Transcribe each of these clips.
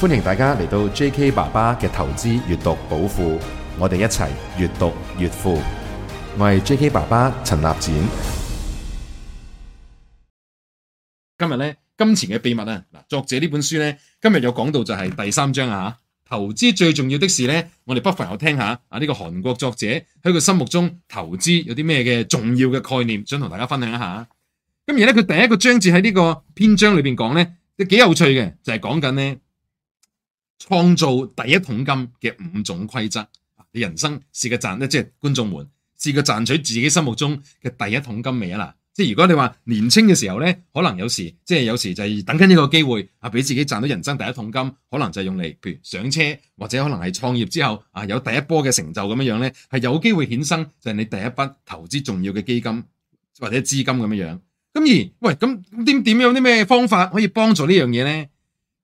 歡迎大家嚟到 J.K. 爸爸嘅投資閱讀寶庫，我哋一齊越讀越富。我係 J.K. 爸爸陳立展。今日呢，金錢嘅秘密啊！嗱，作者呢本書呢，今日有講到就係第三章啊。吓，投資最重要的事呢，我哋不妨有聽下啊。呢個韓國作者喺佢心目中投資有啲咩嘅重要嘅概念，想同大家分享一下。今日咧，佢第一個章節喺呢個篇章裏邊講咧，幾有趣嘅就係講緊呢。創造第一桶金嘅五種規則，你人生試過賺咧，即、就、係、是、觀眾們試過賺取自己心目中嘅第一桶金未啊？嗱、就是，即係如果你話年輕嘅時候呢，可能有時即係、就是、有時就係等緊呢個機會啊，俾自己賺到人生第一桶金，可能就係用嚟，譬如上車或者可能係創業之後啊，有第一波嘅成就咁樣樣呢，係有機會衍生就係你第一筆投資重要嘅基金或者資金咁樣樣。咁、啊、而喂咁點點樣有啲咩方法可以幫助呢樣嘢呢？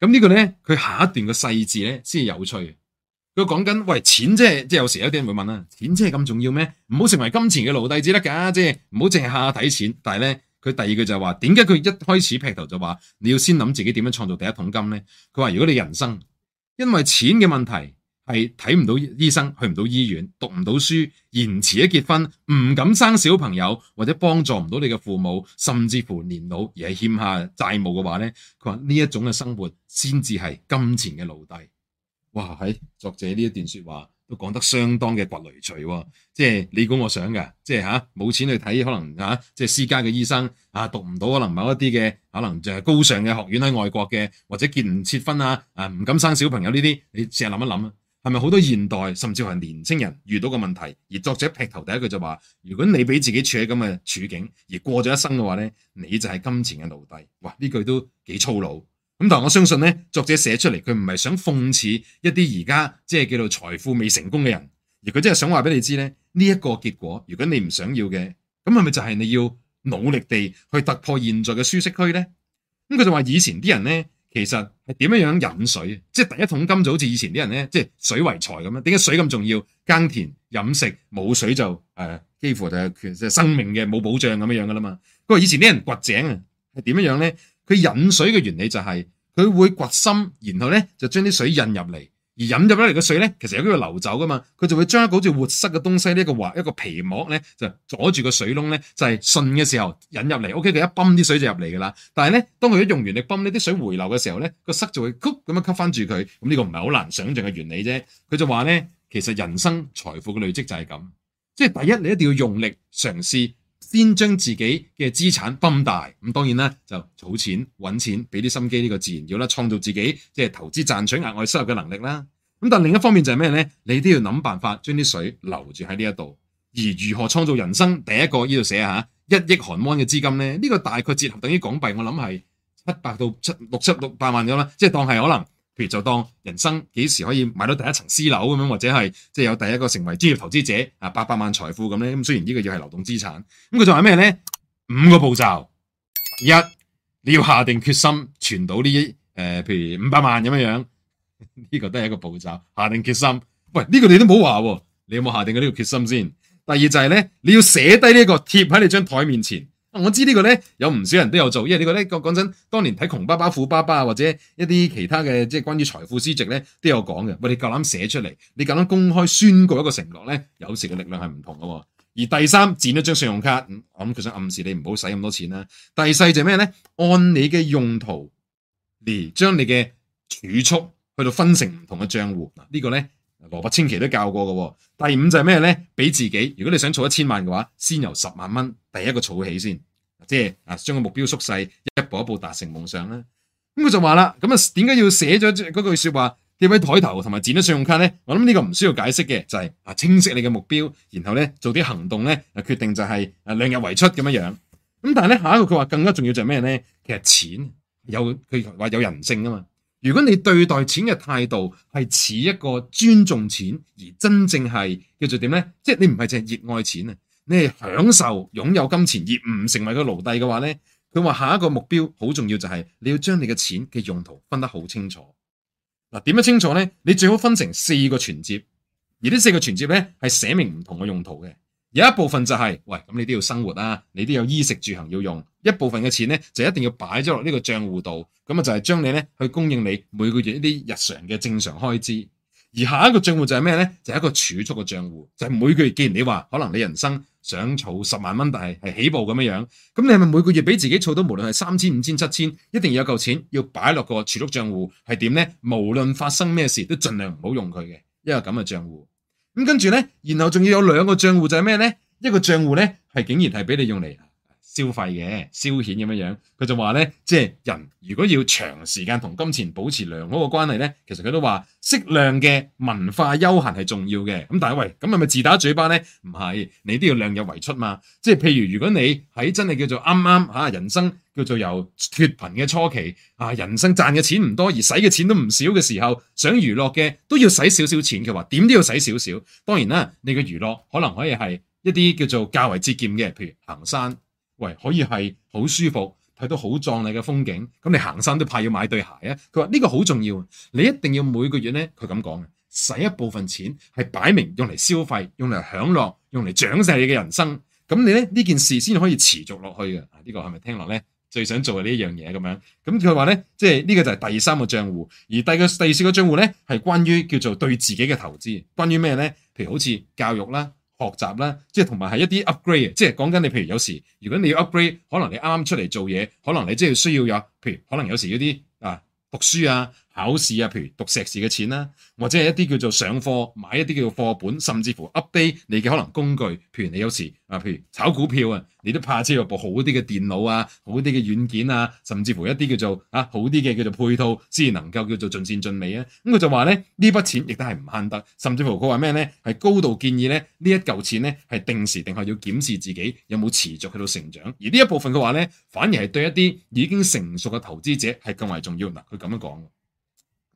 咁呢個呢，佢下一段個細節呢先有趣。佢講緊喂錢即係即有時有啲人會問啦，錢真係咁重要咩？唔好成為金錢嘅奴隸，只得噶，即係唔好淨係下下睇錢。但係呢，佢第二句就話，點解佢一開始劈頭就話你要先諗自己點樣創造第一桶金呢？佢話如果你人生因為錢嘅問題。係睇唔到醫生，去唔到醫院，讀唔到書，延遲咗結婚，唔敢生小朋友，或者幫助唔到你嘅父母，甚至乎年老而係欠下債務嘅話呢，佢話呢一種嘅生活先至係金錢嘅奴隸。哇！喺作者呢一段說話都講得相當嘅拔雷錘、哦，即係你估我想噶，即係吓冇錢去睇可能吓、啊、即係私家嘅醫生，啊讀唔到可能某一啲嘅可能就係高尚嘅學院喺外國嘅，或者結唔切婚啊，啊唔敢生小朋友呢啲，你試下諗一諗啊～係咪好多現代甚至係年青人遇到嘅問題？而作者劈頭第一句就話：如果你俾自己處喺咁嘅處境而過咗一生嘅話呢，你就係金錢嘅奴隸。哇！呢句都幾粗魯。咁但係我相信呢，作者寫出嚟佢唔係想諷刺一啲而家即係叫做財富未成功嘅人，而佢真係想話俾你知呢，呢一個結果，如果你唔想要嘅，咁係咪就係你要努力地去突破現在嘅舒適區呢？咁佢就話以前啲人呢。」其實係點樣樣引水，即第一桶金就好似以前啲人呢，即水為財咁樣。點解水咁重要？耕田、飲食冇水就誒、呃，幾乎就係生命嘅冇保障咁樣樣噶嘛。佢話以前啲人掘井啊，係點樣樣咧？佢引水嘅原理就係、是、佢會掘深，然後呢就將啲水引入嚟。而引入咗嚟嘅水咧，其實有機會流走噶嘛，佢就會將一好似活塞嘅東西，呢個環一個皮膜咧，就阻住個水窿咧，就係順嘅時候引入嚟，OK，佢一泵啲水就入嚟噶啦。但係咧，當佢一用完力泵呢啲水回流嘅時候咧，個塞就會咁樣吸翻住佢，咁呢個唔係好難想象嘅原理啫。佢就話咧，其實人生財富嘅累積就係咁，即係第一你一定要用力嘗試。先將自己嘅資產泵大，咁當然啦，就儲錢、揾錢，俾啲心機呢個自然要啦，創造自己即係投資賺取額外收入嘅能力啦。咁但另一方面就係咩咧？你都要諗辦法將啲水留住喺呢一度。而如何創造人生？第一個呢度寫下：「一億韓元嘅資金咧，呢個大概折合等於港幣，我諗係七百到七六七六百萬咗啦，即係當係可能。譬如就當人生幾時可以買到第一層私樓咁樣，或者係即係有第一個成為專業投資者啊八百萬財富咁咧，咁雖然呢個要係流動資產，咁佢仲係咩咧？五個步驟，一你要下定決心存到呢啲誒，譬如五百萬咁樣樣，呢個都係一個步驟，下定決心。喂，呢個你都冇話，你有冇下定嘅呢個決心先？第二就係咧，你要寫低呢個貼喺你張台面前。我知呢個咧，有唔少人都有做，因為你覺得講講真，當年睇窮爸爸富爸爸啊，或者一啲其他嘅即係關於財富書籍咧，都有講嘅。我哋夠膽寫出嚟，你夠膽公開宣告一個承諾咧，有時嘅力量係唔同嘅。而第三，剪一張信用卡，我諗佢想暗示你唔好使咁多錢啦。第四就咩咧？按你嘅用途嚟將你嘅儲蓄去到分成唔同嘅賬戶。嗱、這個、呢個咧，羅伯清奇都教過嘅。第五就係咩咧？俾自己，如果你想儲一千萬嘅話，先由十萬蚊，第一個儲起先，即係啊，將個目標縮細，一步一步達成夢想啦。咁佢就話啦，咁啊，點解要寫咗嗰句說話？墊喺台頭同埋剪咗信用卡咧？我諗呢個唔需要解釋嘅，就係啊，清晰你嘅目標，然後咧做啲行動咧，決定就係啊，量入為出咁樣樣。咁但係咧，下一個佢話更加重要就係咩咧？其實錢有佢話有人性噶嘛。如果你對待錢嘅態度係似一個尊重錢，而真正係叫做點咧？即係你唔係淨係熱愛錢啊。你享受擁有金錢而唔成為個奴隸嘅話呢，佢話下一個目標好重要，就係你要將你嘅錢嘅用途分得好清楚。嗱、啊，點樣清楚呢？你最好分成四個存摺，而呢四個存摺呢，係寫明唔同嘅用途嘅。有一部分就係、是、喂，咁你都要生活啊，你都有衣食住行要用。一部分嘅錢呢，就一定要擺咗落呢個賬戶度，咁啊，就係將你呢去供應你每個月一啲日常嘅正常開支。而下一個賬戶就係咩呢？就係、是、一個儲蓄嘅賬戶，就係、是、每個月既然你話可能你人生。想儲十萬蚊，但係係起步咁樣樣，咁你係咪每個月俾自己儲到無論係三千、五千、七千，一定要有夠錢要擺落個儲蓄賬戶係點咧？無論發生咩事都盡量唔好用佢嘅，一個咁嘅賬戶。咁跟住咧，然後仲要有兩個賬戶就係咩咧？一個賬戶咧係竟然係俾你用嚟。消費嘅消遣咁樣樣，佢就話咧，即係人如果要長時間同金錢保持良好嘅關係咧，其實佢都話適量嘅文化休閒係重要嘅。咁但係喂，咁係咪自打嘴巴咧？唔係，你都要量入為出嘛。即係譬如如果你喺真係叫做啱啱吓人生叫做由脱貧嘅初期啊，人生賺嘅錢唔多而使嘅錢都唔少嘅時候，想娛樂嘅都要使少少錢。佢話點都要使少少。當然啦，你嘅娛樂可能可以係一啲叫做較為節儉嘅，譬如行山。喂，可以係好舒服，睇到好壯麗嘅風景，咁你行山都怕要買對鞋啊！佢話呢個好重要，你一定要每個月咧，佢咁講嘅，使一部分錢係擺明用嚟消費、用嚟享樂、用嚟獎賞你嘅人生，咁你咧呢件事先可以持續落去嘅。啊、這個，呢個係咪聽落咧最想做嘅呢一樣嘢咁樣？咁佢話咧，即係呢個就係第三個賬戶，而第四個第二、三個賬戶咧係關於叫做對自己嘅投資，關於咩咧？譬如好似教育啦。學習啦，即係同埋係一啲 upgrade，即係講緊你。譬如有時，如果你要 upgrade，可能你啱啱出嚟做嘢，可能你即係需要有，譬如可能有時嗰啲啊讀書啊。考試啊，譬如讀碩士嘅錢啦，或者係一啲叫做上課買一啲叫做課本，甚至乎 update 你嘅可能工具。譬如你有時啊，譬如炒股票啊，你都怕知有部好啲嘅電腦啊，好啲嘅軟件啊，甚至乎一啲叫做啊好啲嘅叫做配套，先能夠叫做盡善盡美啊。咁佢就話咧，呢筆錢亦都係唔慳得，甚至乎佢話咩咧，係高度建議咧呢一嚿錢咧係定時定下要檢視自己有冇持續去到成長。而呢一部分嘅話咧，反而係對一啲已經成熟嘅投資者係更為重要嗱。佢咁樣講。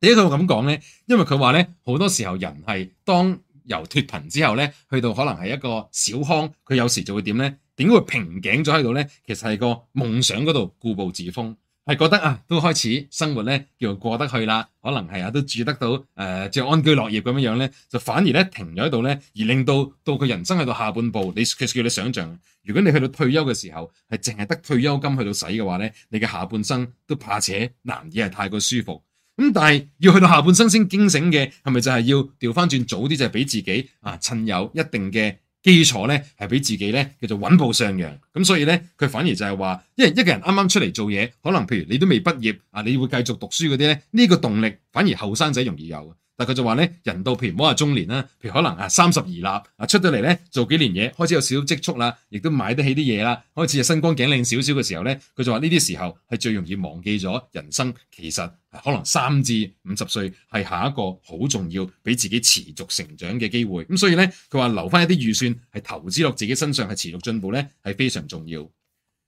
呢一個咁講呢，因為佢話呢，好多時候人係當由脫貧之後呢，去到可能係一個小康，佢有時就會點呢？點解會瓶頸咗喺度呢？其實係個夢想嗰度固步自封，係覺得啊，都開始生活呢，叫做過得去啦。可能係啊，都住得到誒，即、呃、安居樂業咁樣樣咧，就反而呢，停咗喺度呢，而令到到佢人生去到下半部，你其實叫你想象。如果你去到退休嘅時候，係淨係得退休金去到使嘅話呢，你嘅下半生都怕且難以係太過舒服。咁但係要去到下半生先驚醒嘅，係咪就係要調翻轉早啲，就係俾自己啊趁有一定嘅基礎咧，係俾自己咧叫做穩步上揚。咁所以咧，佢反而就係、是、話，因為一個人啱啱出嚟做嘢，可能譬如你都未畢業啊，你會繼續讀書嗰啲咧，呢、這個動力反而後生仔容易有。但佢就話咧，人到譬如唔好話中年啦，譬如可能啊三十而立啊出到嚟咧做幾年嘢，開始有少少積蓄啦，亦都買得起啲嘢啦，開始啊身光頸靚少少嘅時候咧，佢就話呢啲時候係最容易忘記咗人生其實可能三至五十歲係下一個好重要俾自己持續成長嘅機會。咁所以咧，佢話留翻一啲預算係投資落自己身上係持續進步咧，係非常重要。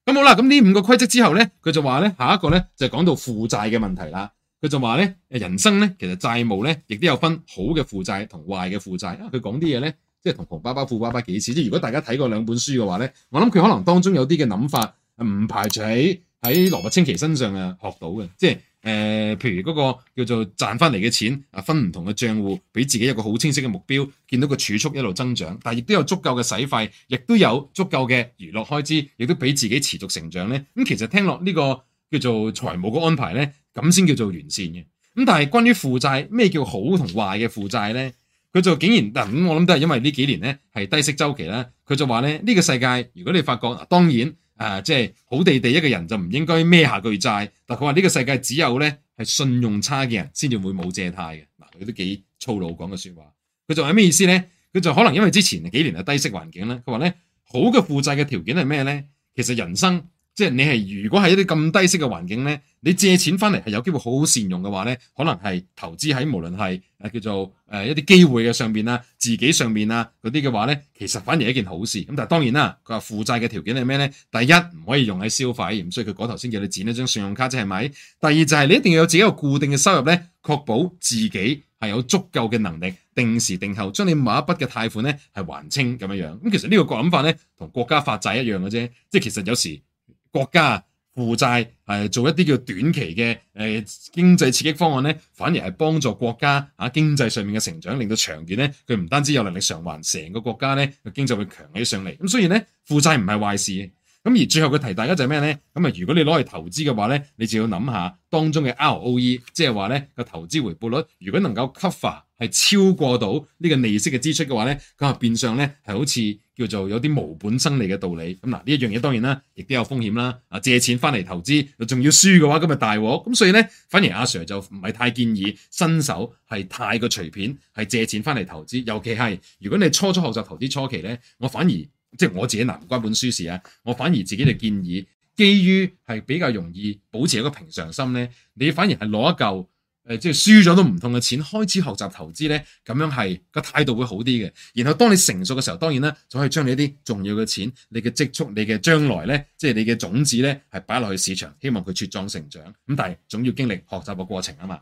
咁好啦，咁呢五個規則之後咧，佢就話咧下一個咧就係講到負債嘅問題啦。佢就話咧，誒人生咧，其實債務咧，亦都有分好嘅負債同壞嘅負債啊！佢講啲嘢咧，即係同窮爸爸富爸爸幾似。即係如果大家睇過兩本書嘅話咧，我諗佢可能當中有啲嘅諗法唔排除喺喺羅伯清奇身上啊學到嘅。即係誒，呃、譬如嗰個叫做賺翻嚟嘅錢啊，分唔同嘅賬戶，俾自己一個好清晰嘅目標，見到個儲蓄一路增長，但係亦都有足夠嘅使費，亦都有足夠嘅娛樂開支，亦都俾自己持續成長咧。咁其實聽落呢個叫做財務嘅安排咧。咁先叫做完善嘅。咁、嗯、但係關於負債，咩叫好同壞嘅負債咧？佢就竟然等、嗯，我諗都係因為呢幾年咧係低息周期啦。佢就話咧，呢、呢個世界如果你發覺嗱，當然誒，即、啊、係、即係、好地地一個人就唔應該孭下巨債。但佢話呢個世界只有咧係信用差嘅人先至會冇借貸嘅。嗱、嗯，佢都幾粗魯講嘅説話。佢仲係咩意思咧？佢就可能因為之前幾年係低息環境啦。佢話咧好嘅負債嘅條件係咩咧？其實人生。即係你係如果係一啲咁低息嘅環境咧，你借錢翻嚟係有機會好好善用嘅話咧，可能係投資喺無論係誒叫做誒、呃、一啲機會嘅上邊啊，自己上邊啊嗰啲嘅話咧，其實反而係一件好事。咁但係當然啦，佢話負債嘅條件係咩咧？第一唔可以用喺消費，所以佢嗰頭先叫你剪一張信用卡，即係咪？第二就係你一定要有自己一個固定嘅收入咧，確保自己係有足夠嘅能力，定時定候將你買一筆嘅貸款咧係還清咁樣樣。咁其實呢個講法咧同國家發債一樣嘅啫，即係其實有時。國家負債係做一啲叫短期嘅誒、呃、經濟刺激方案咧，反而係幫助國家啊經濟上面嘅成長，令到長遠咧，佢唔單止有能力償還，成個國家咧，個經濟會強起上嚟。咁所以咧，負債唔係壞事。咁而最後佢提大家就係咩咧？咁啊，如果你攞嚟投資嘅話咧，你就要諗下當中嘅 ROE，即係話咧，個投資回報率，如果能夠 cover。係超過到呢個利息嘅支出嘅話呢，咁啊變相呢，係好似叫做有啲無本生利嘅道理。咁嗱呢一樣嘢當然啦，亦都有風險啦。啊借錢翻嚟投資又仲要輸嘅話，咁啊大鑊。咁所以呢，反而阿 Sir 就唔係太建議新手係太過隨便係借錢翻嚟投資。尤其係如果你初初學習投資初期呢，我反而即係、就是、我自己嗱唔關本書事啊，我反而自己就建議基於係比較容易保持一個平常心呢，你反而係攞一嚿。即係輸咗都唔痛嘅錢，開始學習投資呢，咁樣係、這個態度會好啲嘅。然後當你成熟嘅時候，當然啦，就可以將你一啲重要嘅錢、你嘅積蓄、你嘅將來呢，即係你嘅種子呢，係擺落去市場，希望佢茁壯成長。咁但係總要經歷學習嘅過程啊嘛。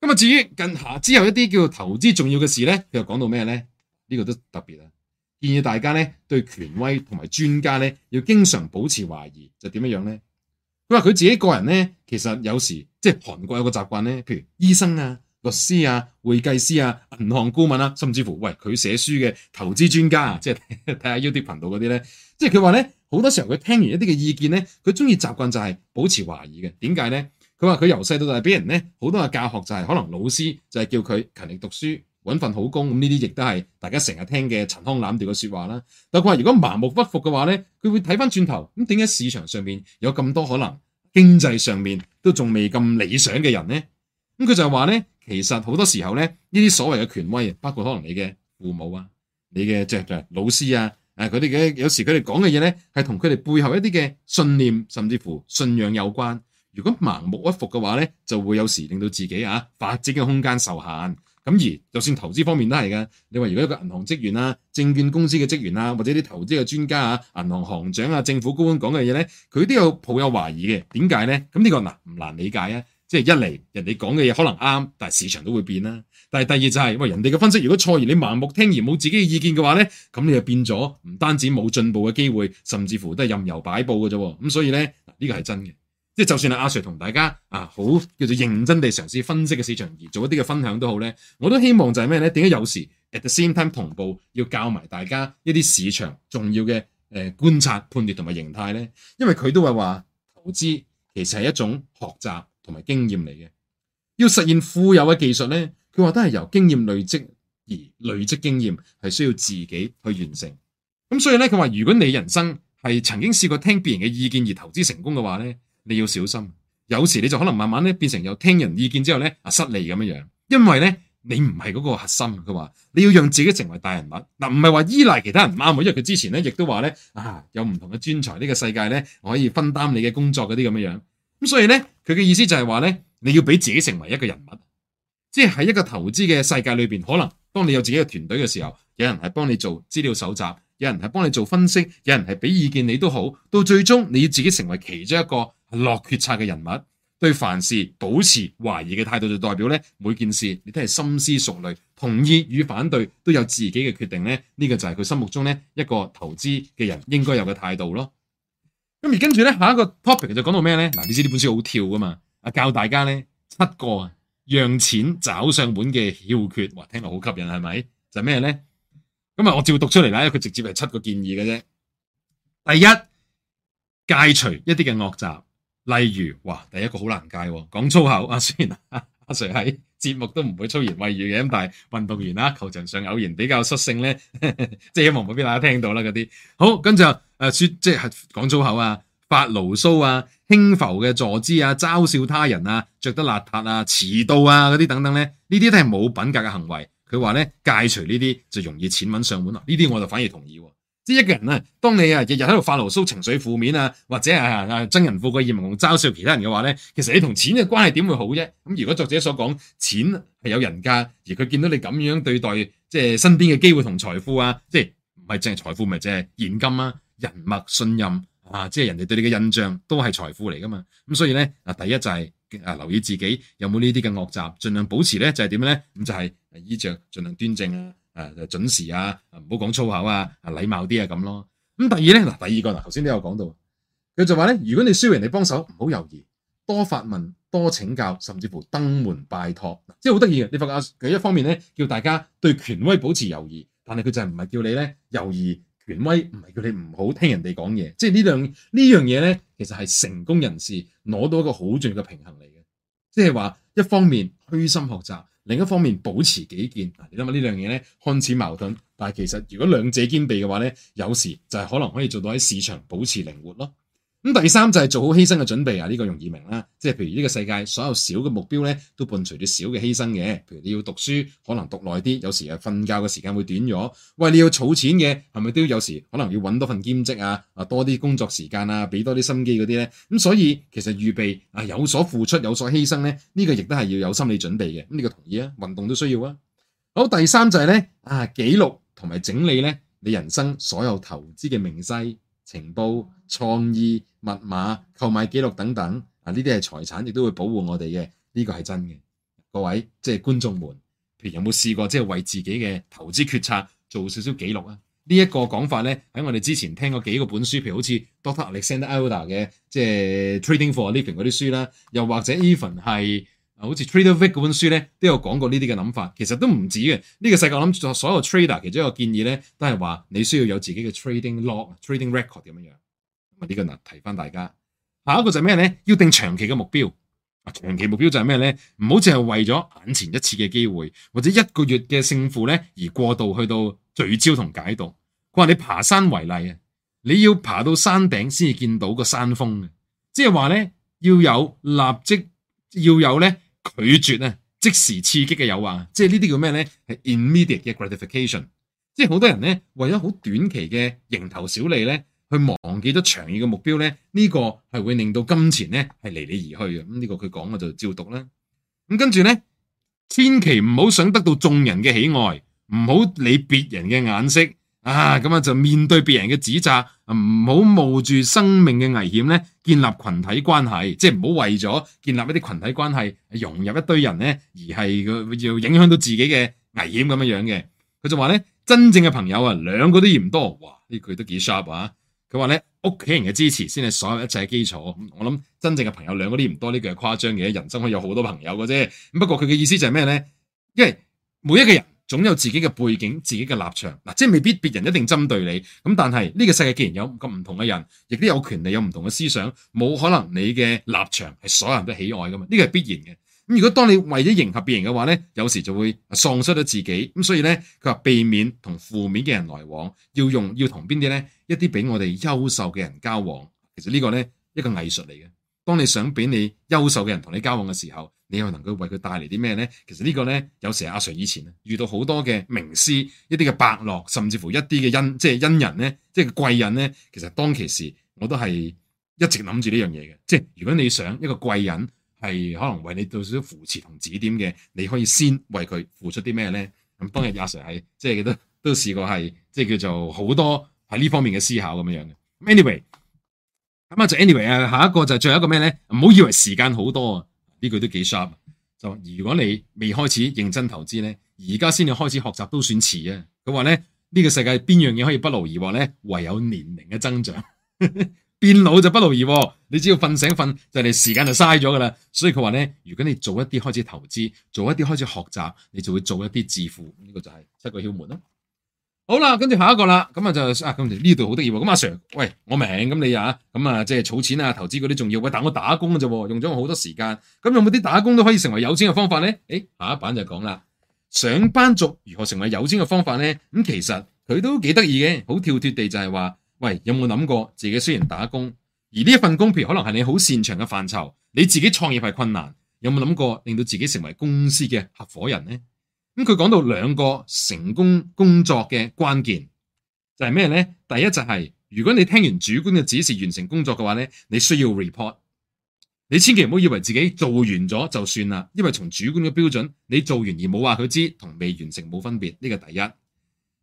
咁啊、嗯、至於近下之後一啲叫做投資重要嘅事呢，佢又講到咩呢？呢、這個都特別啊！建議大家呢，對權威同埋專家呢，要經常保持懷疑，就點樣樣呢？佢話佢自己個人咧，其實有時即係韓國有個習慣咧，譬如醫生啊、律師啊、會計師啊、銀行顧問啊，甚至乎喂佢寫書嘅投資專家啊，即係睇下 YouTube 頻道嗰啲咧，即係佢話咧好多時候佢聽完一啲嘅意見咧，佢中意習慣就係保持懷疑嘅。點解咧？佢話佢由細到大俾人咧好多嘅教學就係、是、可能老師就係叫佢勤力讀書。揾份好工，咁呢啲亦都係大家成日聽嘅陳腔濫調嘅說話啦。但係佢話如果盲目屈服嘅話呢，佢會睇翻轉頭。咁點解市場上面有咁多可能經濟上面都仲未咁理想嘅人呢？咁佢就話呢，其實好多時候呢，呢啲所謂嘅權威，包括可能你嘅父母啊、你嘅即係老師啊，誒，佢哋嘅有時佢哋講嘅嘢呢，係同佢哋背後一啲嘅信念甚至乎信仰有關。如果盲目屈服嘅話呢，就會有時令到自己啊發展嘅空間受限。咁而就算投資方面都係嘅，你話如果一個銀行職員啊、證券公司嘅職員啊，或者啲投資嘅專家啊、銀行行長啊、政府高官講嘅嘢呢，佢都有抱有懷疑嘅。點解呢？咁呢個嗱，唔難理解啊。即係一嚟人哋講嘅嘢可能啱，但係市場都會變啦。但係第二就係，喂，人哋嘅分析如果錯，而你盲目聽而冇自己嘅意見嘅話呢，咁你就變咗唔單止冇進步嘅機會，甚至乎都係任由擺佈嘅啫。咁所以呢，呢個係真嘅。即就算阿 Sir 同大家啊，好叫做認真地嘗試分析嘅市場而做一啲嘅分享都好咧，我都希望就係咩咧？點解有時 at the same time 同步要教埋大家一啲市場重要嘅誒觀察判斷同埋形態咧？因為佢都係話投資其實係一種學習同埋經驗嚟嘅。要實現富有嘅技術咧，佢話都係由經驗累積，而累積經驗係需要自己去完成。咁所以咧，佢話如果你人生係曾經試過聽別人嘅意見而投資成功嘅話咧，你要小心，有時你就可能慢慢咧變成有聽人意見之後咧，啊失利，咁樣因為咧你唔係嗰個核心。佢話你要讓自己成為大人物，嗱唔係話依賴其他人啱喎，因為佢之前咧亦都話咧啊有唔同嘅專才呢個世界咧可以分擔你嘅工作嗰啲咁樣樣，咁所以咧佢嘅意思就係話咧你要俾自己成為一個人物，即係喺一個投資嘅世界裏邊，可能當你有自己嘅團隊嘅時候，有人係幫你做資料搜集。有人係幫你做分析，有人係俾意見你都好，到最終你自己成為其中一個落決策嘅人物。對凡事保持懷疑嘅態度就代表咧，每件事你都係深思熟慮，同意與反對都有自己嘅決定咧，呢、呢個就係佢心目中咧一個投資嘅人應該有嘅態度咯。咁而跟住咧下一個 topic 就講到咩咧？嗱，你知呢本書好跳噶嘛？啊，教大家咧七個讓錢找上門嘅竅訣，哇，聽落好吸引，係咪？就咩、係、咧？今日我照讀出嚟啦，佢直接係七個建議嘅啫。第一，戒除一啲嘅惡習，例如，哇，第一個好難戒喎，講粗口啊，雖然阿 Sir 喺節目都唔會粗言穢語嘅，咁但係運動員啦，球場上偶然比較率性咧，即係希望唔好俾大家聽到啦嗰啲。好，跟住啊，誒、呃，說即係講粗口啊，發牢騷啊，輕浮嘅坐姿啊，嘲笑他人啊，着得邋遢啊，遲到啊嗰啲等等咧，呢啲都係冇品格嘅行為。佢話咧戒除呢啲就容易錢搵上門啦，呢啲我就反而同意。即係一個人咧、啊，當你啊日日喺度發牢騷、情緒負面啊，或者係啊憎、啊、人富貴、厭人貧嘲笑其他人嘅話咧，其實你同錢嘅關係點會好啫？咁如果作者所講錢係有人格，而佢見到你咁樣對待，即係身邊嘅機會同財富啊，即係唔係淨係財富，咪，即淨係現金啊，人脈信任啊，即係人哋對你嘅印象都係財富嚟噶嘛？咁所以咧嗱，第一就係、是。啊！留意自己有冇呢啲嘅惡習，盡量保持咧就係點咧？咁就係衣着盡量端正啊！誒，準時啊，唔好講粗口啊，禮貌啲啊咁咯。咁第二咧嗱，第二個嗱，頭先都有講到，佢就話咧，如果你需要人哋幫手，唔好猶豫，多發問、多請教，甚至乎登門拜託。即係好得意嘅，你發覺佢一方面咧叫大家對權威保持猶豫，但係佢就係唔係叫你咧猶豫，權威，唔係叫你唔好聽人哋講嘢。即係呢樣呢樣嘢咧。其實係成功人士攞到一個好重要嘅平衡嚟嘅，即係話一方面虛心學習，另一方面保持己見。你諗下呢兩樣嘢咧，看似矛盾，但係其實如果兩者兼備嘅話呢，有時就係可能可以做到喺市場保持靈活咯。咁第三就係做好犧牲嘅準備啊，呢個容易明啦。即係譬如呢個世界所有小嘅目標呢，都伴隨住小嘅犧牲嘅。譬如你要讀書，可能讀耐啲，有時啊瞓覺嘅時間會短咗。喂，你要儲錢嘅，係咪都有時可能要搵多份兼職啊？啊，多啲工作時間啊，俾多啲、啊、心機嗰啲呢？咁所以其實預備啊有所付出、有所犧牲呢，呢個亦都係要有心理準備嘅。咁呢個同意啊？運動都需要啊。好，第三就係呢，啊，記錄同埋整理呢，你人生所有投資嘅明細、情報、創意。密碼、購買記錄等等，啊，呢啲係財產，亦都會保護我哋嘅，呢個係真嘅。各位即係觀眾們，譬如有冇試過即係為自己嘅投資決策做少少記錄啊？這個、呢一個講法咧，喺我哋之前聽過幾個本書，譬如好似 Doctor Alexander Elder 嘅即係、就是、Trading for Living 嗰啲書啦，又或者 Even 係好似 Trader Vic 嗰本書咧，都有講過呢啲嘅諗法。其實都唔止嘅，呢、這個世界我諗所有 Trader 其中一個建議咧，都係話你需要有自己嘅 Trading Log、Trading Record 點樣樣。個呢個嗱，提翻大家下一個就係咩咧？要定長期嘅目標。長期目標就係咩咧？唔好淨係為咗眼前一次嘅機會或者一個月嘅勝負咧，而過度去到聚焦同解讀。佢話你爬山為例啊，你要爬到山頂先至見到個山峰嘅，即係話咧，要有立即要有咧拒絕咧、啊、即時刺激嘅誘惑，即係呢啲叫咩咧？係 immediate 嘅 gratification。即係好多人咧為咗好短期嘅蠅頭小利咧，去忘記咗長遠嘅目標咧，呢個係會令到金錢咧係離你而去嘅。咁呢個佢講嘅就照讀啦。咁跟住咧，千祈唔好想得到眾人嘅喜愛，唔好理別人嘅眼色啊！咁啊就面對別人嘅指責，唔好冒住生命嘅危險咧，建立群體關係，即係唔好為咗建立一啲群體關係，融入一堆人咧，而係要影響到自己嘅危險咁樣樣嘅。佢就話咧，真正嘅朋友啊，兩個都嫌多。哇！呢句都幾 sharp 啊！佢話咧，屋企人嘅支持先係所有一切嘅基礎。我諗真正嘅朋友兩個都唔多呢句，係誇張嘅，人生可以有好多朋友嘅啫。咁不過佢嘅意思就係咩咧？因為每一個人總有自己嘅背景、自己嘅立場，嗱，即係未必別人一定針對你。咁但係呢個世界既然有咁唔同嘅人，亦都有權利有唔同嘅思想，冇可能你嘅立場係所有人都喜愛噶嘛？呢個係必然嘅。咁如果當你為咗迎合別人嘅話咧，有時就會喪失咗自己。咁所以咧，佢話避免同負面嘅人來往，要用要同邊啲咧？一啲俾我哋優秀嘅人交往。其實呢個咧一個藝術嚟嘅。當你想俾你優秀嘅人同你交往嘅時候，你又能夠為佢帶嚟啲咩咧？其實呢個咧，有時阿 Sir 以前遇到好多嘅名師，一啲嘅伯樂，甚至乎一啲嘅恩，即係恩人咧，即係貴人咧。其實當其時我都係一直諗住呢樣嘢嘅。即係如果你想一個貴人。係可能為你做少少扶持同指點嘅，你可以先為佢付出啲咩咧？咁當日阿 Sir 係即係都都試過係即係叫做好多喺呢方面嘅思考咁樣樣嘅。Anyway，咁啊就 Anyway 啊，下一個就最後一個咩咧？唔好以為時間好多啊，呢句都幾 sharp。就如果你未開始認真投資咧，而家先至開始學習都算遲啊。佢話咧，呢個世界邊樣嘢可以不勞而獲咧？唯有年齡嘅增長。 變老就不勞而，你只要瞓醒瞓就你時間就嘥咗噶啦，所以佢話咧，如果你早一啲開始投資，早一啲開始學習，你就會做一啲致富，呢、這個就係七個竅門咯。好啦，跟住下一個啦，咁啊就啊咁呢度好得意，咁阿 Sir，喂，我明，咁你啊，咁啊即係儲錢啊，投資嗰啲仲要，但係我打工嘅啫，用咗我好多時間，咁有冇啲打工都可以成為有錢嘅方法咧？誒、欸，下一版就講啦，上班族如何成為有錢嘅方法咧？咁、嗯、其實佢都幾得意嘅，好跳脫地就係話。喂，有冇諗過自己雖然打工，而呢份工，譬如可能係你好擅長嘅範疇，你自己創業係困難，有冇諗過令到自己成為公司嘅合夥人呢？咁佢講到兩個成功工作嘅關鍵就係咩呢？第一就係如果你聽完主管嘅指示完成工作嘅話咧，你需要 report，你千祈唔好以為自己做完咗就算啦，因為從主管嘅標準，你做完而冇話佢知同未完成冇分別，呢個第一。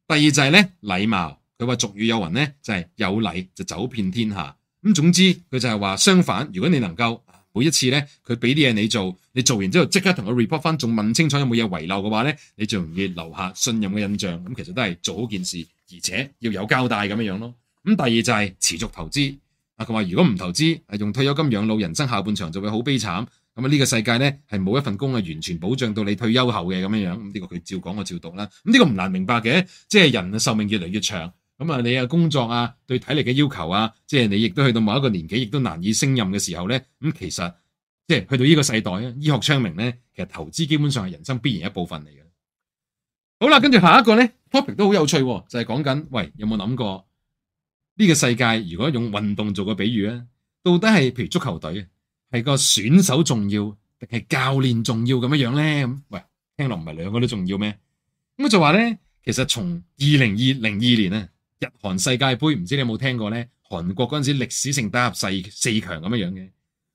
第二就係咧，禮貌。佢話俗語有云咧，就係、是、有禮就走遍天下。咁總之佢就係話相反，如果你能夠每一次咧，佢俾啲嘢你做，你做完之後即刻同佢 report 翻，仲問清楚有冇嘢遺漏嘅話咧，你就容易留下信任嘅印象。咁其實都係做好一件事，而且要有交代咁樣樣咯。咁第二就係持續投資。啊佢話如果唔投資，用退休金養老，人生下半場就會好悲慘。咁啊呢個世界咧係冇一份工係完全保障到你退休後嘅咁樣樣。咁、這、呢個佢照講我照讀啦。咁、這、呢個唔難明白嘅，即係人嘅壽命越嚟越長。咁啊、嗯，你啊工作啊，對體力嘅要求啊，即係你亦都去到某一個年紀，亦都難以升任嘅時候咧，咁、嗯、其實即係去到呢個世代啊，醫學昌明咧，其實投資基本上係人生必然一部分嚟嘅。好啦，跟住下一個咧，topic 都好有趣，啊，就係講緊，喂，有冇諗過呢、呢個世界如果用運動做個比喻咧，到底係譬如足球隊係個選手重要，定係教練重要咁樣樣咧？咁喂，聽落唔係兩個都重要咩？咁就話咧，其實從二零二零二年啊。日韓世界杯唔知你有冇聽過咧？韓國嗰陣時歷史性打入四四強咁樣樣嘅，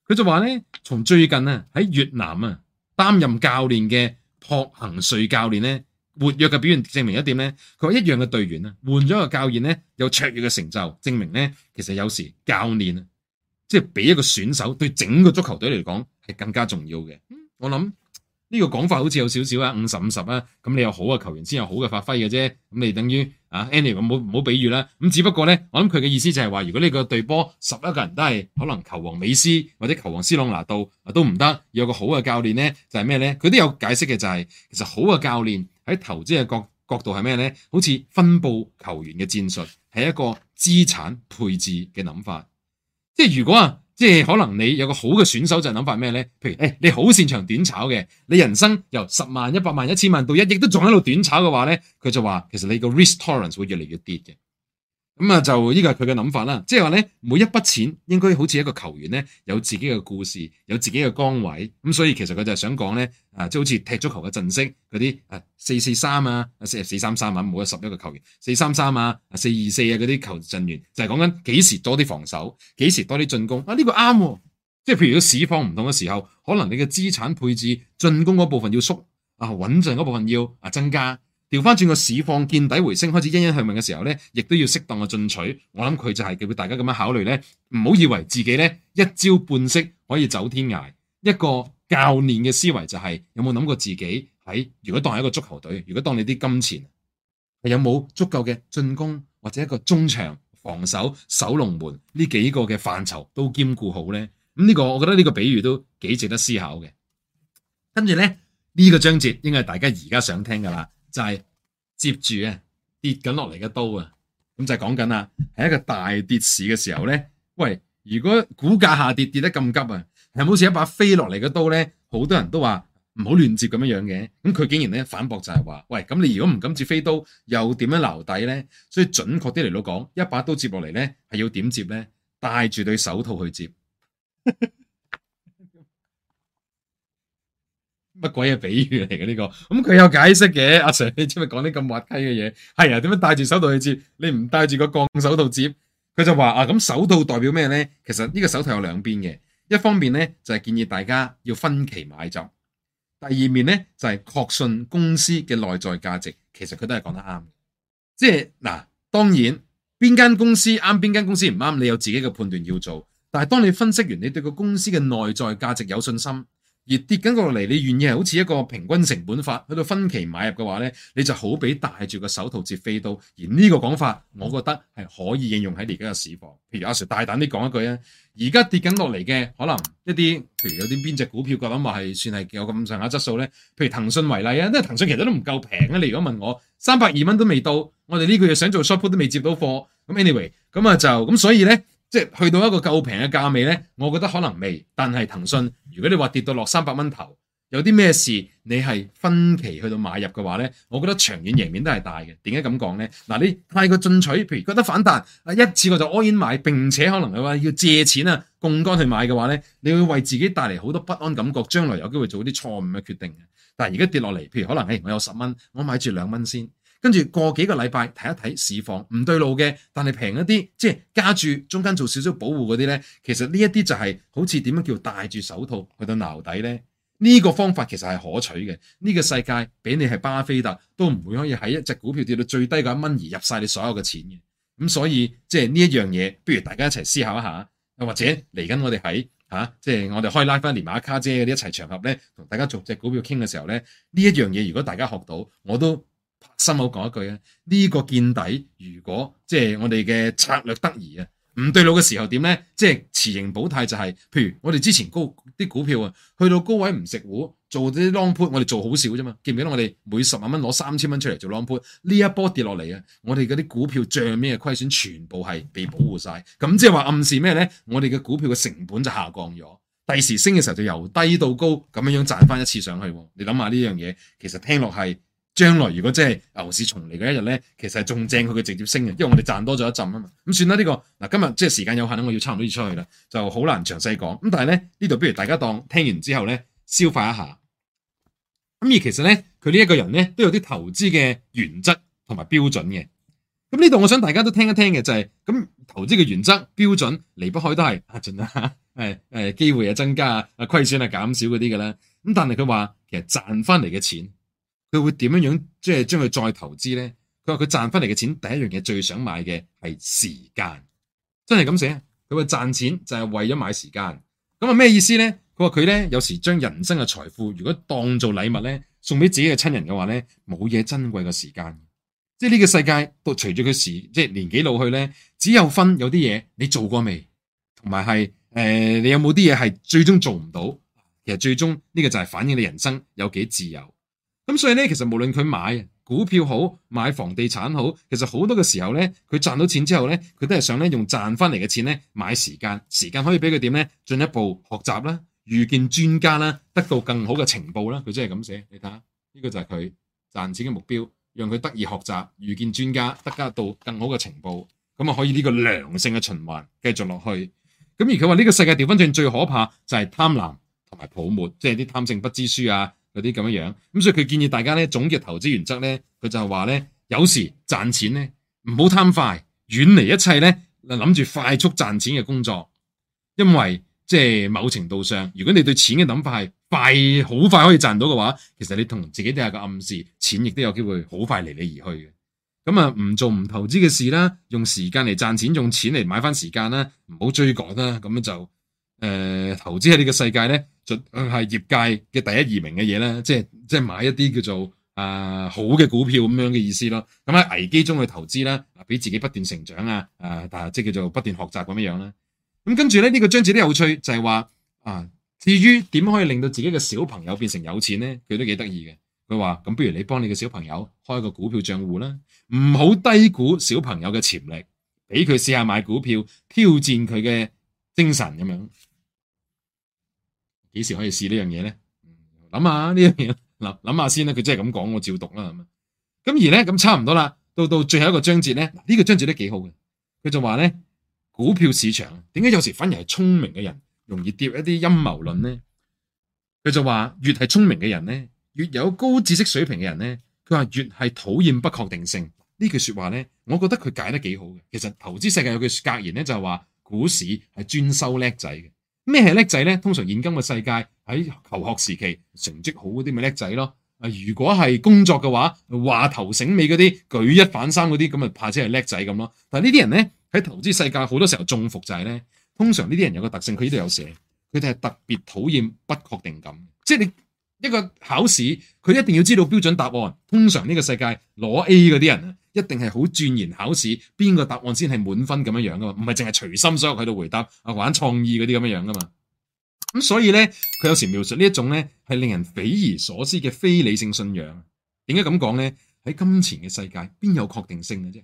佢就話咧，從最近啊喺越南啊擔任教練嘅朴恒瑞教練咧，活躍嘅表現證明一點咧，佢話一樣嘅隊員啦，換咗個教練咧，有卓越嘅成就，證明咧其實有時教練啊，即係俾一個選手對整個足球隊嚟講係更加重要嘅。我諗呢個講法好似有少少啊，五十五十啊，咁你有好嘅球員先有好嘅發揮嘅啫，咁你等於。啊，Anyway 唔好唔好比喻啦，咁只不過咧，我諗佢嘅意思就係、是、話，如果呢個隊波十一個人都係可能球王美斯或者球王斯朗拿度啊都唔得，有個好嘅教練咧就係咩咧？佢都有解釋嘅、就是，就係其實好嘅教練喺投資嘅角角度係咩咧？好似分布球員嘅戰術係一個資產配置嘅諗法，即係如果啊。即係可能你有個好嘅選手就係諗法咩咧？譬如誒，你好擅長短炒嘅，你人生由十萬、一百萬、一千萬到一億都仲喺度短炒嘅話咧，佢就話其實你個 risk tolerance 會越嚟越跌嘅。咁啊、嗯，就、就是、呢個係佢嘅諗法啦，即係話咧，每一筆錢應該好似一個球員咧，有自己嘅故事，有自己嘅崗位，咁、嗯、所以其實佢就係想講咧，啊，即、就、係、是、好似踢足球嘅陣式嗰啲，啊四四三啊，四四三三啊，冇咗十一個球員，四三三啊，啊四二四啊嗰啲球陣員，就係講緊幾時多啲防守，幾時多啲進攻，啊呢、這個啱，即、就、係、是、譬如個市況唔同嘅時候，可能你嘅資產配置進攻嗰部分要縮，啊穩陣嗰部分要啊增加。調翻轉個市況見底回升開始欣欣向榮嘅時候咧，亦都要適當嘅進取。我諗佢就係、是、叫大家咁樣考慮咧，唔好以為自己咧一招半式可以走天涯。一個教練嘅思維就係、是、有冇諗過自己喺如果當係一個足球隊，如果當你啲金錢，有冇足夠嘅進攻或者一個中場、防守、守龍門呢幾個嘅範疇都兼顧好咧？咁呢、這個我覺得呢個比喻都幾值得思考嘅。跟住咧呢、這個章節應該係大家而家想聽噶啦。就係接住啊，跌緊落嚟嘅刀啊，咁就係講緊啊，係一個大跌市嘅時候咧，喂，如果股價下跌跌得咁急啊，係咪好似一把飛落嚟嘅刀咧？好多人都話唔好亂接咁樣樣嘅，咁佢竟然咧反駁就係話，喂，咁你如果唔敢接飛刀，又點樣留底咧？所以準確啲嚟到講，一把刀接落嚟咧，係要點接咧？戴住對手套去接。 乜鬼嘢比喻嚟嘅呢個？咁、嗯、佢有解釋嘅，阿、啊、Sir，你知咪講啲咁滑稽嘅嘢，係啊？點樣戴住手套去接？你唔戴住個鋼手套接？佢就話啊，咁、嗯、手套代表咩呢？」其實呢個手套有兩邊嘅，一方面呢，就係、是、建議大家要分期買作，第二面呢，就係、是、確信公司嘅內在價值。其實佢都係講得啱，即係嗱，當然邊間公司啱，邊間公司唔啱，你有自己嘅判斷要做。但係當你分析完，你對個公司嘅內在價值有信心。而跌緊落嚟，你願意係好似一個平均成本法去到分期買入嘅話咧，你就好比戴住個手套接飛刀。而呢個講法，我覺得係可以應用喺而家嘅市況。譬如阿 Sir 大膽啲講一句啊，而家跌緊落嚟嘅可能一啲，譬如有啲邊隻股票嘅諗法係算係有咁上下質素咧。譬如騰訊為例啊，因為騰訊其實都唔夠平啊。你如果問我三百二蚊都未到，我哋呢個月想做 short put 都未接到貨。咁 anyway，咁啊就咁，所以咧。即係去到一個夠平嘅價位呢，我覺得可能未。但係騰訊，如果你話跌到落三百蚊頭，有啲咩事你係分期去到買入嘅話呢，我覺得長遠贏面都係大嘅。點解咁講呢？嗱，你太過進取，譬如覺得反彈啊一次過就 all in 買，並且可能係話要借錢啊槓桿去買嘅話呢，你會為自己帶嚟好多不安感覺，將來有機會做啲錯誤嘅決定嘅。但係而家跌落嚟，譬如可能誒，我有十蚊，我買住兩蚊先。跟住過幾個禮拜睇一睇市況唔對路嘅，但係平一啲，即係加住中間做少少保護嗰啲呢。其實呢一啲就係好似點樣叫戴住手套去到撈底呢？呢、這個方法其實係可取嘅。呢、這個世界俾你係巴菲特都唔會可以喺一隻股票跌到最低嘅一蚊而入晒你所有嘅錢嘅。咁、嗯、所以即係呢一樣嘢，不如大家一齊思考一下，又或者嚟緊我哋喺嚇，即係我哋可以拉翻連馬卡姐嗰啲一齊場合呢，同大家做隻股票傾嘅時候呢，呢一樣嘢如果大家學到，我都。心口講一句啊，呢、這個見底如果即係、就是、我哋嘅策略得宜啊，唔對路嘅時候點咧？即係持盈保泰就係、是，譬如我哋之前高啲股票啊，去到高位唔食糊，做啲 long put，我哋做好少啫嘛。記唔記得我哋每十萬蚊攞三千蚊出嚟做 long put？呢一波跌落嚟啊，我哋嗰啲股票賬面嘅虧損全部係被保護晒。咁即係話暗示咩咧？我哋嘅股票嘅成本就下降咗，第時升嘅時候就由低到高咁樣樣賺翻一次上去。你諗下呢樣嘢，其實聽落係。將來如果真係牛市重嚟，嗰一日咧，其實係仲正佢嘅直接升嘅，因為我哋賺多咗一浸啊嘛。咁算啦，呢個嗱今日即係時間有限，我要差唔多要出去啦，就好難詳細講。咁但係咧呢度，不如大家當聽完之後咧消化一下。咁而其實咧，佢呢一個人咧都有啲投資嘅原則同埋標準嘅。咁呢度我想大家都聽一聽嘅就係，咁投資嘅原則標準離不開都係阿俊啊，誒誒機會啊增加啊，虧損啊減少啲嘅啦。咁但係佢話其實賺翻嚟嘅錢。佢會點樣樣即係將佢再投資咧？佢話佢賺翻嚟嘅錢，第一樣嘢最想買嘅係時間。真係咁寫？佢話賺錢就係為咗買時間。咁啊咩意思咧？佢話佢咧有時將人生嘅財富，如果當做禮物咧送俾自己嘅親人嘅話咧，冇嘢珍貴嘅時間。即係呢個世界，都隨住佢時，即係年紀老去咧，只有分有啲嘢你做過未，同埋係誒，你有冇啲嘢係最終做唔到？其實最終呢、這個就係反映你人生有幾自由。咁所以咧，其實無論佢買股票好，買房地產好，其實好多嘅時候咧，佢賺到錢之後咧，佢都係想咧用賺翻嚟嘅錢咧買時間，時間可以俾佢點咧？進一步學習啦，遇見專家啦，得到更好嘅情報啦。佢即係咁寫，你睇下，呢個就係佢賺錢嘅目標，讓佢得以學習、遇見專家、得加到更好嘅情報，咁啊可以呢個良性嘅循環繼續落去。咁而佢話呢個世界掉翻轉最可怕就係貪婪同埋泡沫，即係啲貪性不知輸啊！嗰啲咁樣樣，咁所以佢建議大家咧總結投資原則咧，佢就係話咧，有時賺錢咧唔好貪快，遠離一切咧諗住快速賺錢嘅工作，因為即係、就是、某程度上，如果你對錢嘅諗法係快好快可以賺到嘅話，其實你同自己都係個暗示，錢亦都有機會好快離你而去嘅。咁啊，唔做唔投資嘅事啦，用時間嚟賺錢，用錢嚟買翻時間啦，唔好追趕啦，咁樣就。誒、呃，投資喺呢個世界咧，就係、呃、業界嘅第一二名嘅嘢咧，即係即係買一啲叫做啊、呃、好嘅股票咁樣嘅意思咯。咁喺危機中去投資啦，俾自己不斷成長啊，啊、呃，即係叫做不斷學習咁樣樣啦。咁跟住咧，呢、呢個章子都有趣，就係、是、話啊，至於點可以令到自己嘅小朋友變成有錢咧，佢都幾得意嘅。佢話咁，不如你幫你嘅小朋友開個股票賬戶啦，唔好低估小朋友嘅潛力，俾佢試下買股票，挑戰佢嘅精神咁樣。幾時可以試呢樣嘢咧？諗下呢樣嘢，諗下先啦。佢真係咁講，我照讀啦。咁而咧，咁差唔多啦。到到最後一個章節咧，呢個章節都幾好嘅。佢就話咧，股票市場點解有時反而係聰明嘅人容易跌一啲陰謀論咧？佢就話越係聰明嘅人咧，越有高知識水平嘅人咧，佢話越係討厭不確定性。呢句說話咧，我覺得佢解得幾好嘅。其實投資世界有句格言咧，就係話股市係專收叻仔嘅。咩係叻仔咧？通常現今嘅世界喺求學時期成績好啲咪叻仔咯。啊，如果係工作嘅話，話頭醒尾嗰啲舉一反三嗰啲咁咪怕即係叻仔咁咯。但係呢啲人咧喺投資世界好多時候中伏就係咧，通常呢啲人有個特性，佢呢度有寫，佢哋係特別討厭不確定感。即係你一個考試，佢一定要知道標準答案。通常呢個世界攞 A 嗰啲人。一定係好鑽研考試邊個答案先係滿分咁樣樣噶嘛？唔係淨係隨心所欲喺度回答啊玩創意嗰啲咁樣樣噶嘛？咁所以咧，佢有時描述呢一種咧係令人匪夷所思嘅非理性信仰。點解咁講咧？喺金錢嘅世界邊有確定性嘅啫？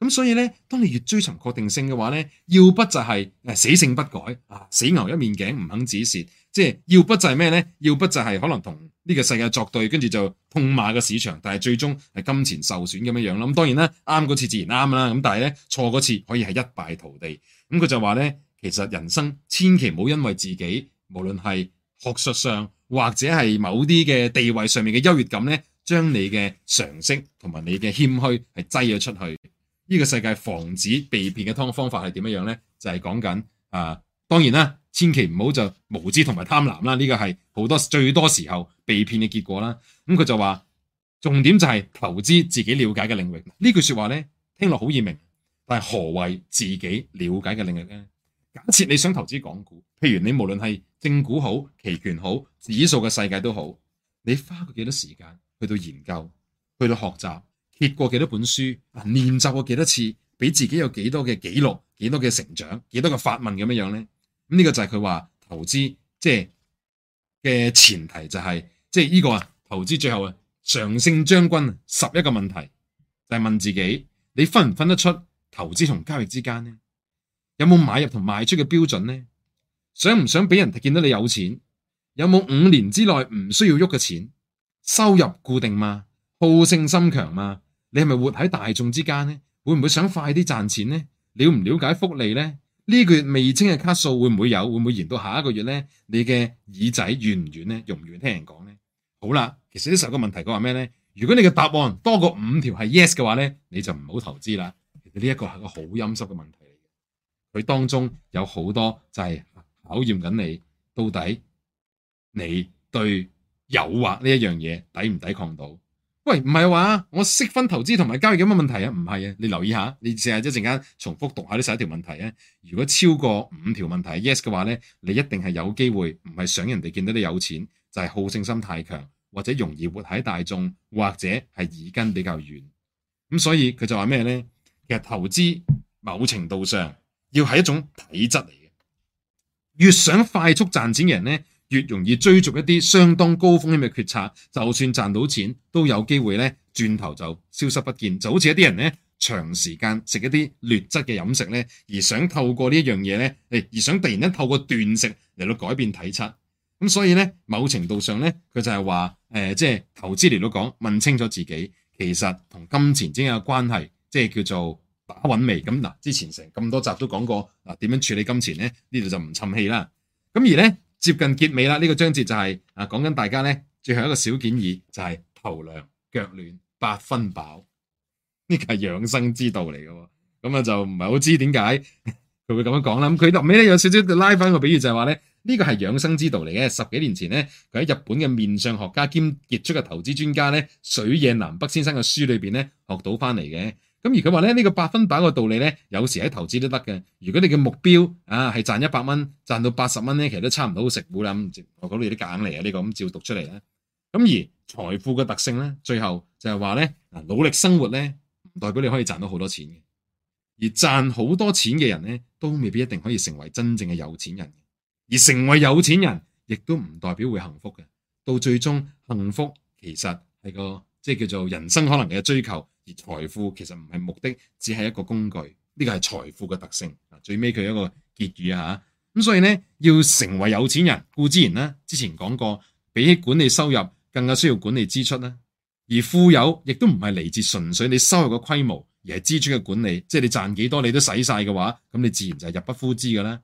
咁所以咧，當你越追尋確定性嘅話咧，要不就係誒死性不改啊，死牛一面頸唔肯止蝕。即係要不就係咩呢？要不就係可能同呢個世界作對，跟住就碰馬嘅市場，但係最終係金錢受損咁樣樣。咁當然啦，啱嗰次自然啱啦。咁但係呢，錯嗰次可以係一敗塗地。咁、嗯、佢就話呢，其實人生千祈唔好因為自己無論係學術上或者係某啲嘅地位上面嘅優越感呢，將你嘅常識同埋你嘅謙虛係擠咗出去。呢個世界防止被騙嘅方法係點樣樣呢？就係講緊啊！當然啦，千祈唔好就無知同埋貪婪啦，呢、這個係好多最多時候被騙嘅結果啦。咁、嗯、佢就話：重點就係投資自己了解嘅領域。呢句説話呢，聽落好易明，但係何為自己了解嘅領域呢？假設你想投資港股，譬如你無論係正股好、期權好、指數嘅世界都好，你花過幾多時間去到研究、去到學習，揭過幾多本書，練習過幾多次，俾自己有幾多嘅記錄、幾多嘅成長、幾多嘅發問咁樣樣咧？呢個就係佢話投資即係嘅前提、就係，就係即係呢個啊投資最後啊常勝將軍啊十一個問題，就係、係、問自己，你分唔分得出投資同交易之間呢？有冇買入同賣出嘅標準呢？想唔想俾人哋見到你有錢？有冇五年之內唔需要喐嘅錢？收入固定嘛？好勝心強嘛？你係咪活喺大眾之間呢？會唔會想快啲賺錢呢？了唔了解福利呢？呢個月未清嘅卡數會唔會有？會唔會延到下一個月呢？你嘅耳仔軟唔軟呢？容唔容易聽人講呢？好啦，其實呢十個問題講係咩呢？如果你嘅答案多過五條係 yes 嘅話呢，你就唔好投資啦。其實呢一個係個好陰濕嘅問題嚟嘅，佢當中有好多就係考驗緊你到底你對誘惑呢一樣嘢抵唔抵抗到。喂，唔係話我識分投資同埋交易有乜問題啊？唔係啊，你留意下，你成日一陣間重複讀一下呢十條問題咧、啊。如果超過五條問題 Yes 嘅話咧，你一定係有機會，唔係想人哋見到你有錢，就係好勝心太強，或者容易活喺大眾，或者係耳根比較軟。咁所以佢就話咩咧？其實投資某程度上要係一種體質嚟嘅，越想快速賺錢嘅人咧。越容易追逐一啲相當高風險嘅決策，就算賺到錢，都有機會咧轉頭就消失不見。就好似一啲人咧長時間食一啲劣質嘅飲食咧，而想透過一呢一樣嘢咧，誒而想突然間透過斷食嚟到改變體質。咁所以咧，某程度上咧，佢就係話誒，即係投資嚟到講問清楚自己，其實同金錢之間嘅關係，即係叫做打穩味。咁嗱，之前成咁多集都講過嗱，點、啊、樣處理金錢咧？呢度就唔沉氣啦。咁而咧。接近結尾啦，呢、這個章節就係、是、啊講緊大家咧最後一個小建議就係、是、頭涼腳暖、八分飽，呢個係養生之道嚟嘅喎。咁啊就唔係好知點解佢會咁樣講啦。咁佢落尾咧有少少拉翻個比喻，就係話咧呢個係養生之道嚟嘅。十幾年前咧，佢喺日本嘅面相學家兼傑出嘅投資專家咧，水野南北先生嘅書裏邊咧學到翻嚟嘅。咁而佢話咧，呢、這個百分百個道理咧，有時喺投資都得嘅。如果你嘅目標啊係賺一百蚊，賺到八十蚊咧，其實都差唔多好食糊啦。咁、嗯、我講到你都夾硬嚟、這個、啊，呢個咁照讀出嚟啦。咁而財富嘅特性咧，最後就係話咧，努力生活咧，唔代表你可以賺到好多錢嘅。而賺好多錢嘅人咧，都未必一定可以成為真正嘅有錢人。而成為有錢人，亦都唔代表會幸福嘅。到最終幸福其實係個即係、就是、叫做人生可能嘅追求。而財富其實唔係目的，只係一個工具，呢個係財富嘅特性。啊，最尾佢一個結語啊，吓咁所以呢，要成為有錢人，固之然呢、啊，之前講過，比起管理收入，更加需要管理支出啦、啊。而富有亦都唔係嚟自純粹你收入嘅規模，而係支出嘅管理，即係你賺幾多你都使晒嘅話，咁你自然就係入不敷支嘅啦。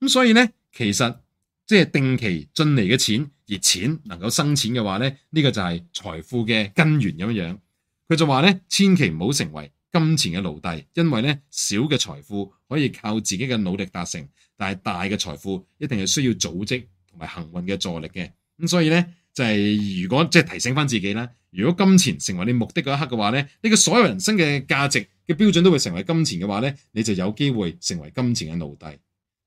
咁所以呢，其實即係定期進嚟嘅錢而錢能夠生錢嘅話呢，呢、這個就係財富嘅根源咁樣樣。佢就話呢，千祈唔好成為金錢嘅奴隸，因為呢，小嘅財富可以靠自己嘅努力達成，但係大嘅財富一定係需要組織同埋幸運嘅助力嘅。咁所以呢，就係、是、如果、就是、提醒翻自己啦，如果金錢成為你目的嗰一刻嘅話呢，你嘅所有人生嘅價值嘅標準都會成為金錢嘅話呢，你就有機會成為金錢嘅奴隸。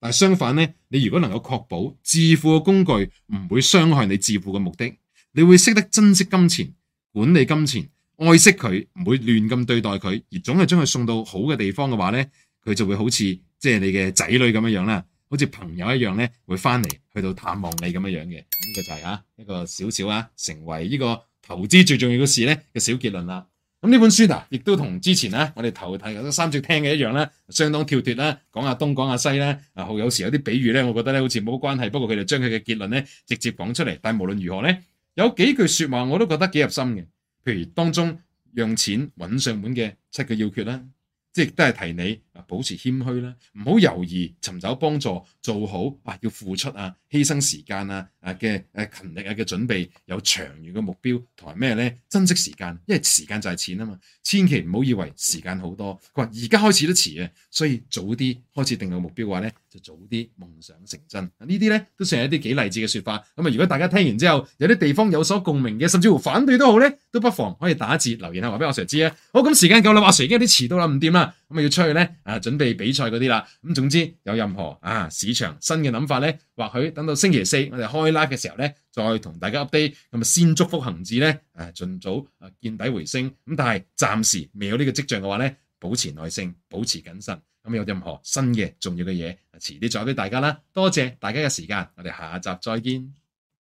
但相反呢，你如果能夠確保致富嘅工具唔會傷害你致富嘅目的，你會識得珍惜金錢，管理金錢。愛惜佢，唔會亂咁對待佢，而總係將佢送到好嘅地方嘅話呢，佢就會好似即係你嘅仔女咁樣樣啦，好似朋友一樣呢，會翻嚟去到探望你咁樣樣嘅。呢個就係啊一個少少啊，成為呢個投資最重要嘅事呢嘅小結論啦。咁呢本書啊，亦都同之前啊我哋頭睇嗰三節聽嘅一樣啦，相當跳脫啦，講下東講下西啦。啊，有時有啲比喻呢，我覺得呢好似冇關係，不過佢就將佢嘅結論呢直接講出嚟。但係無論如何呢，有幾句說話我都覺得幾入心嘅。譬如當中用錢揾上門嘅七個要訣啦，即亦都係提你，保持謙虛啦，唔好猶豫，尋找幫助，做好啊，要付出啊，犧牲時間啊，啊嘅誒、啊、勤力啊嘅準備，有長遠嘅目標同埋咩咧？珍惜時間，因為時間就係錢啊嘛，千祈唔好以為時間好多。佢話而家開始都遲啊，所以早啲開始定個目標嘅話咧，就早啲夢想成真。啊呢啲咧都算係一啲幾勵志嘅説法。咁啊，如果大家聽完之後有啲地方有所共鳴嘅，甚至乎反對都好咧，都不妨可以打字留言下，話俾阿 Sir 知啊。好，咁時間夠啦，阿、啊、Sir 已經有啲遲到啦，唔掂啦，咁啊要出去咧。啊啊！準備比賽嗰啲啦，咁總之有任何啊市場新嘅諗法呢，或許等到星期四我哋開 live 嘅時候呢，再同大家 update。咁先祝福恒指呢，誒、啊，盡早啊見底回升。咁但係暫時未有呢個跡象嘅話呢，保持耐性，保持謹慎。咁有任何新嘅重要嘅嘢，遲啲再俾大家啦。多謝大家嘅時間，我哋下集再見。